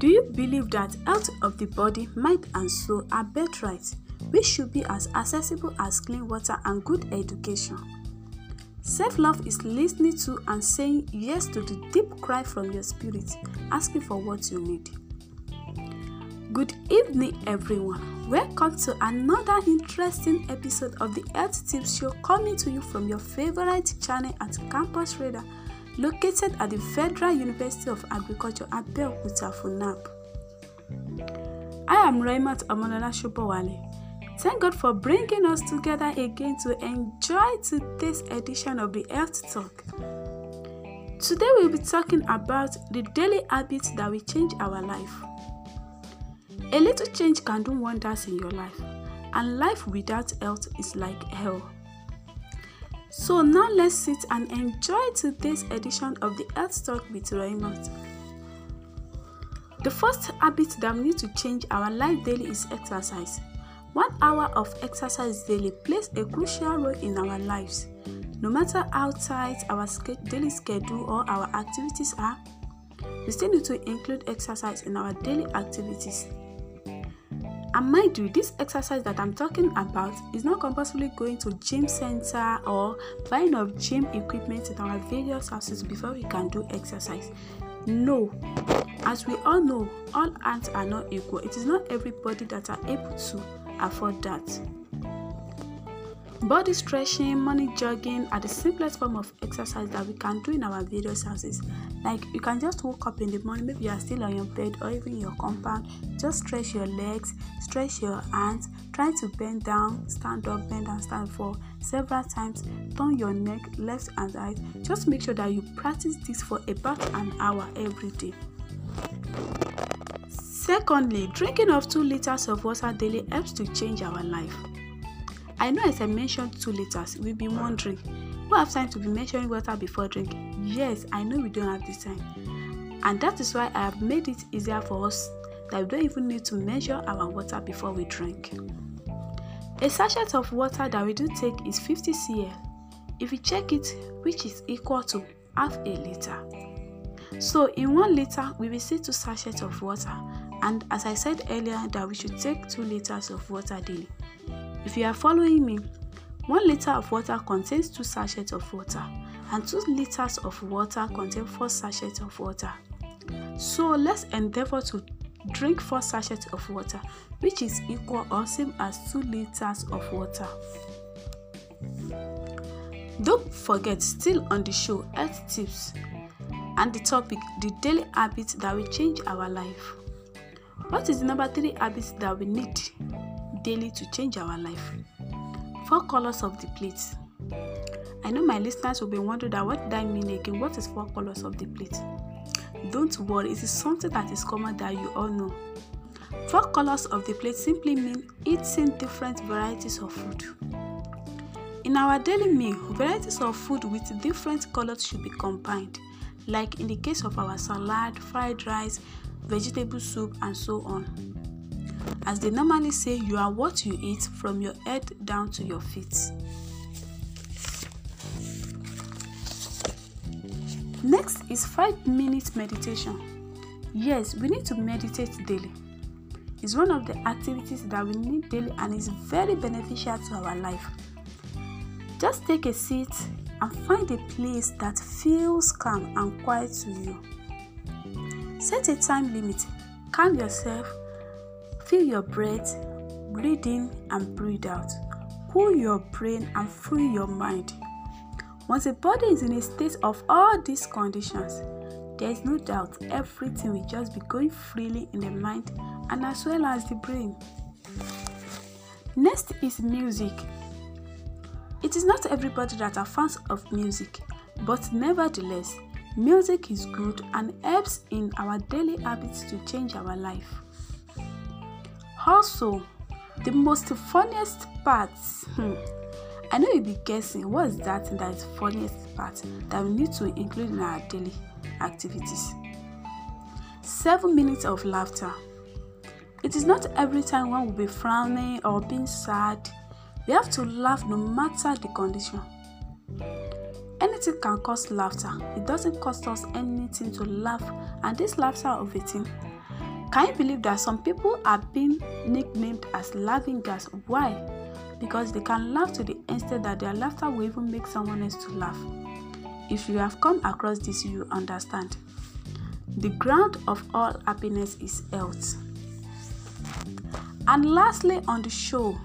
Do you believe that health of the body, mind, and soul are birthrights which should be as accessible as clean water and good education? Self love is listening to and saying yes to the deep cry from your spirit, asking for what you need. Good evening, everyone. Welcome to another interesting episode of the Health Tips Show coming to you from your favorite channel at Campus Radar located at the Federal University of Agriculture, Abeokuta, FUNAB. I am Raymond Amolola Shobowale. Thank God for bringing us together again to enjoy today's edition of the Health Talk. Today we'll be talking about the daily habits that will change our life. A little change can do wonders in your life, and life without health is like hell. So now let's sit and enjoy today's edition of the Health Talk with Raymond. The first habit that we need to change our life daily is exercise. One hour of exercise daily plays a crucial role in our lives. No matter how tight our daily schedule or our activities are, we still need to include exercise in our daily activities And mind you, this exercise that I'm talking about is not compulsorily going to gym center or buying of gym equipment in our various houses before we can do exercise. No, as we all know, all ants are not equal. It is not everybody that are able to afford that. Body stretching, money jogging are the simplest form of exercise that we can do in our various houses. Like you can just wake up in the morning, maybe you are still on your bed or even your compound, just stretch your legs, stretch your hands, try to bend down, stand up, bend and stand for several times, turn your neck left and right. Just make sure that you practice this for about an hour every day. Secondly, drinking of 2 liters of water daily helps to change our life. I know as I mentioned two liters, we've been wondering, we have time to be measuring water before drinking? Yes, I know we don't have the time. And that is why I have made it easier for us that we don't even need to measure our water before we drink. A sachet of water that we do take is 50 cl. If we check it, which is equal to half a liter. So in one liter, we will see two sachets of water. And as I said earlier, that we should take two liters of water daily. If you are following me, 1 liter of water contains 2 sachets of water, and 2 liters of water contain 4 sachets of water. So let's endeavor to drink 4 sachets of water, which is equal or same as 2 liters of water. Don't forget, still on the show, health tips and the topic the daily habits that will change our life. What is the number 3 habits that we need daily to change our life. Four colors of the plate. I know my listeners will be wondering that what that mean again? What is four colors of the plate? Don't worry, it is something that is common that you all know. Four colors of the plate simply mean eating different varieties of food. In our daily meal, varieties of food with different colors should be combined, like in the case of our salad, fried rice, vegetable soup, and so on as they normally say, you are what you eat from your head down to your feet. Next is 5 minute meditation. Yes, we need to meditate daily. It's one of the activities that we need daily and is very beneficial to our life. Just take a seat and find a place that feels calm and quiet to you. Set a time limit. Calm yourself Feel your breath, breathe in and breathe out. Cool your brain and free your mind. Once a body is in a state of all these conditions, there is no doubt everything will just be going freely in the mind and as well as the brain. Next is music. It is not everybody that are fans of music, but nevertheless, music is good and helps in our daily habits to change our life. Also, the most funniest part. Hmm. I know you'll be guessing what's that thing that is funniest part that we need to include in our daily activities. Seven minutes of laughter. It is not every time one will be frowning or being sad. We have to laugh no matter the condition. Anything can cause laughter. It doesn't cost us anything to laugh, and this laughter of a thing can you believe that some people are being nicknamed as laughing gas? Why? Because they can laugh to the extent that their laughter will even make someone else to laugh. If you have come across this, you understand. The ground of all happiness is health. And lastly, on the show,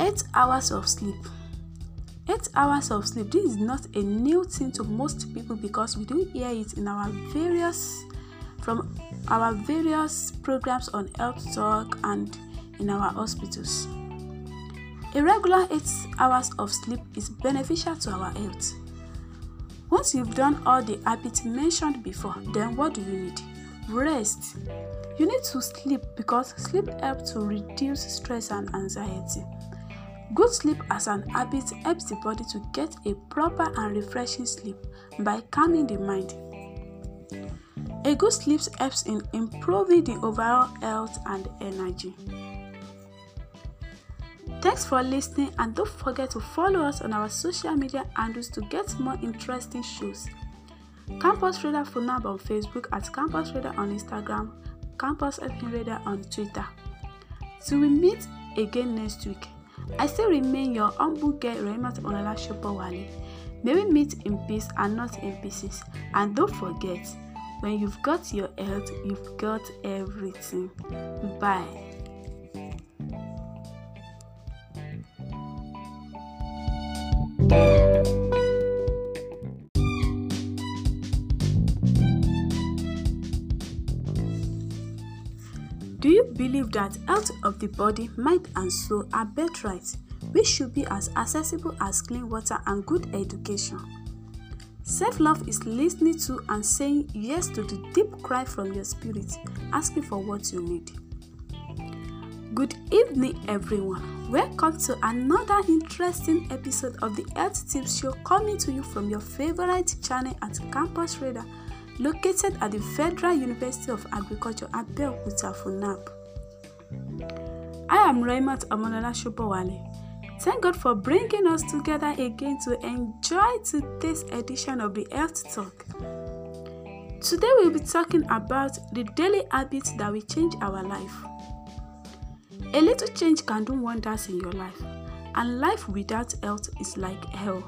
8 hours of sleep. 8 hours of sleep. This is not a new thing to most people because we do hear it in our various from our various programs on health talk and in our hospitals. A regular 8 hours of sleep is beneficial to our health. Once you've done all the habits mentioned before, then what do you need? Rest. You need to sleep because sleep helps to reduce stress and anxiety. Good sleep as an habit helps the body to get a proper and refreshing sleep by calming the mind a good sleep helps in improving the overall health and energy. Thanks for listening and don't forget to follow us on our social media handles to get more interesting shows. Campus Radar Funab on Facebook at Campus Radar on Instagram, Campus FM Radar on Twitter. So we meet again next week, I still remain your humble girl Remat Onala Shopowale. May we meet in peace and not in pieces. And don't forget, when you've got your health, you've got everything. Bye. Do you believe that health of the body, mind, and soul are birthrights, which should be as accessible as clean water and good education? Self love is listening to and saying yes to the deep cry from your spirit, asking for what you need. Good evening, everyone. Welcome to another interesting episode of the Health Tips Show coming to you from your favorite channel at Campus Radar, located at the Federal University of Agriculture, Abeokuta, Funab. I am Raymond Amolola Shobowale, Thank God for bringing us together again to enjoy today's edition of the Health Talk. Today, we'll be talking about the daily habits that will change our life. A little change can do wonders in your life, and life without health is like hell.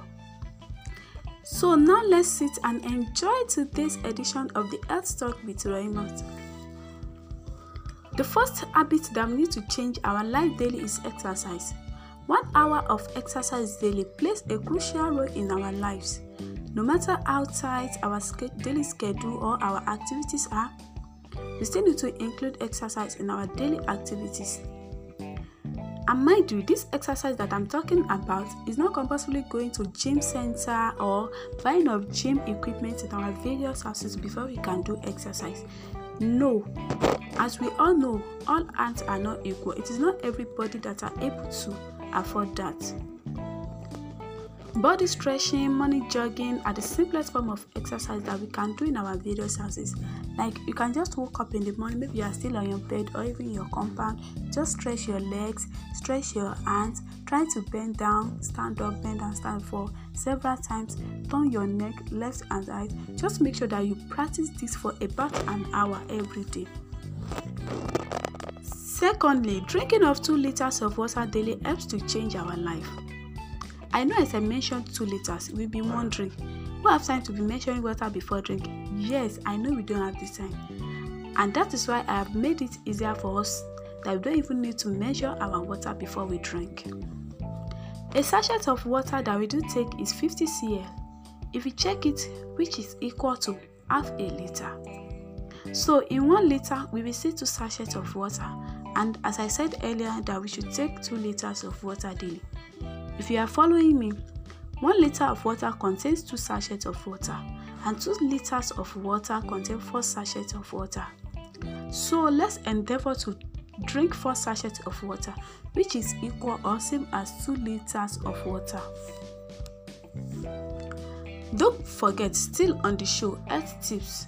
So, now let's sit and enjoy today's edition of the Health Talk with Raymond. The first habit that we need to change our life daily is exercise. One hour of exercise daily plays a crucial role in our lives. No matter how tight our daily schedule or our activities are, we still need to include exercise in our daily activities. And mind you, this exercise that I'm talking about is not compulsively going to gym center or buying up gym equipment in our various houses before we can do exercise. No, as we all know, all ants are not equal. It is not everybody that are able to afford that. Body stretching, morning jogging are the simplest form of exercise that we can do in our various houses. Like you can just wake up in the morning, maybe you are still on your bed or even your compound, just stretch your legs, stretch your hands, try to bend down, stand up, bend and stand for several times, turn your neck left and right. Just make sure that you practice this for about an hour every day. Secondly, drinking of 2 liters of water daily helps to change our life. I know as I mentioned 2 liters, we've been wondering, we have time to be measuring water before drinking. Yes, I know we don't have the time. And that is why I have made it easier for us that we don't even need to measure our water before we drink. A sachet of water that we do take is 50 cl. If we check it, which is equal to half a liter. So in one liter, we will see two sachets of water and as I said earlier, that we should take 2 liters of water daily. If you are following me, 1 liter of water contains 2 sachets of water, and 2 liters of water contain 4 sachets of water. So let's endeavor to drink 4 sachets of water, which is equal or same as 2 liters of water. Don't forget, still on the show, health tips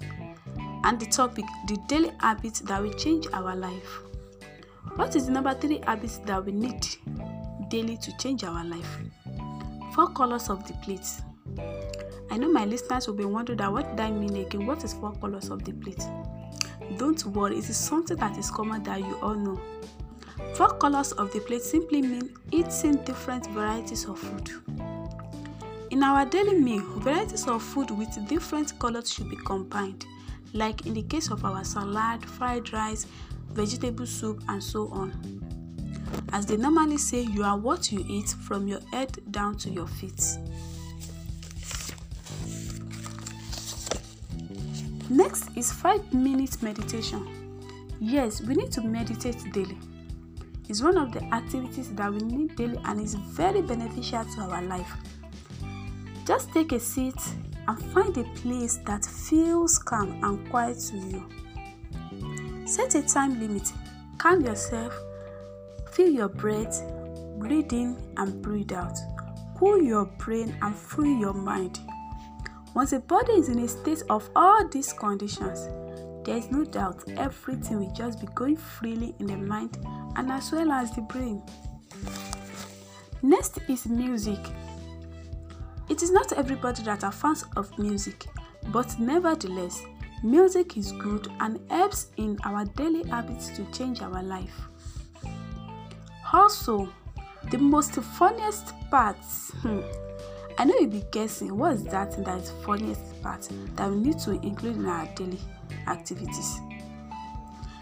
and the topic the daily habits that will change our life. What is the number three habits that we need daily to change our life? Four colors of the plate. I know my listeners will be wondering that what that mean again? What is four colors of the plate? Don't worry, it is something that is common that you all know. Four colors of the plate simply mean eating different varieties of food. In our daily meal, varieties of food with different colors should be combined, like in the case of our salad, fried rice, vegetable soup, and so on. As they normally say, you are what you eat from your head down to your feet. Next is 5 minute meditation. Yes, we need to meditate daily. It's one of the activities that we need daily and is very beneficial to our life. Just take a seat and find a place that feels calm and quiet to you. Set a time limit. Calm yourself. Feel your breath, breathe in and breathe out. Cool your brain and free your mind. Once a body is in a state of all these conditions, there is no doubt everything will just be going freely in the mind and as well as the brain. Next is music. It is not everybody that are fans of music, but nevertheless, Music is good and helps in our daily habits to change our life. Also, the most funniest part. Hmm, I know you'll be guessing what's that thing that is funniest part that we need to include in our daily activities.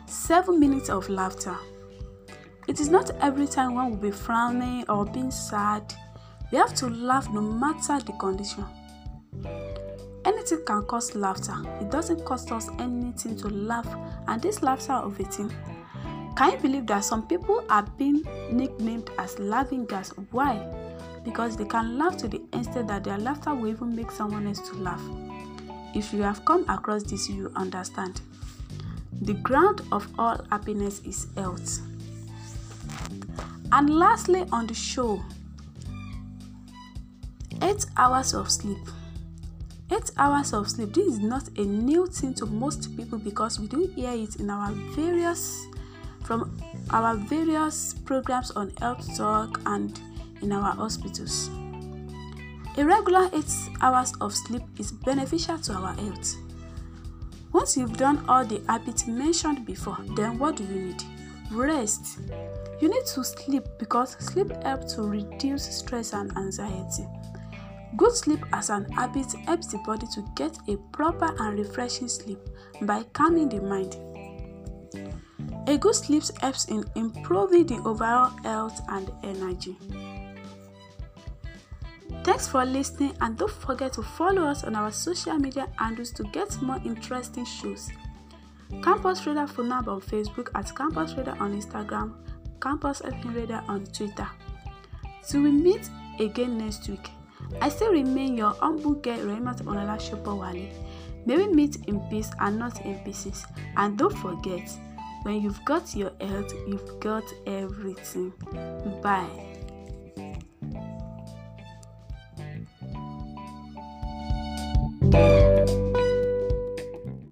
7 minutes of laughter. It is not every time one will be frowning or being sad. We have to laugh no matter the condition. Charity can cause laughter. It doesn't cost us anything to laugh, and this laughter of a thing. Can you believe that some people are being nicknamed as laughing gas? Why? Because they can laugh to the extent that their laughter will even make someone else to laugh. If you have come across this, you understand. The ground of all happiness is health. And lastly, on the show, 8 hours of sleep. 8 hours of sleep. This is not a new thing to most people because we do hear it in our various from our various programs on health talk and in our hospitals. A regular 8 hours of sleep is beneficial to our health. Once you've done all the habits mentioned before, then what do you need? Rest. You need to sleep because sleep helps to reduce stress and anxiety. Good sleep as an habit helps the body to get a proper and refreshing sleep by calming the mind. A good sleep helps in improving the overall health and energy. Thanks for listening and don't forget to follow us on our social media handles to get more interesting shows. Campus Radar Funab on Facebook at Campus Radar on Instagram, Campus FM Radar on Twitter. Till so we meet again next week. I still remain your humble girl, Remat Olalashopo Wale. May we meet in peace and not in pieces. And don't forget, when you've got your health, you've got everything. Bye.